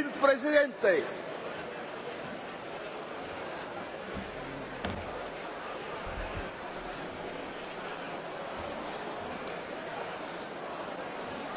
il presidente.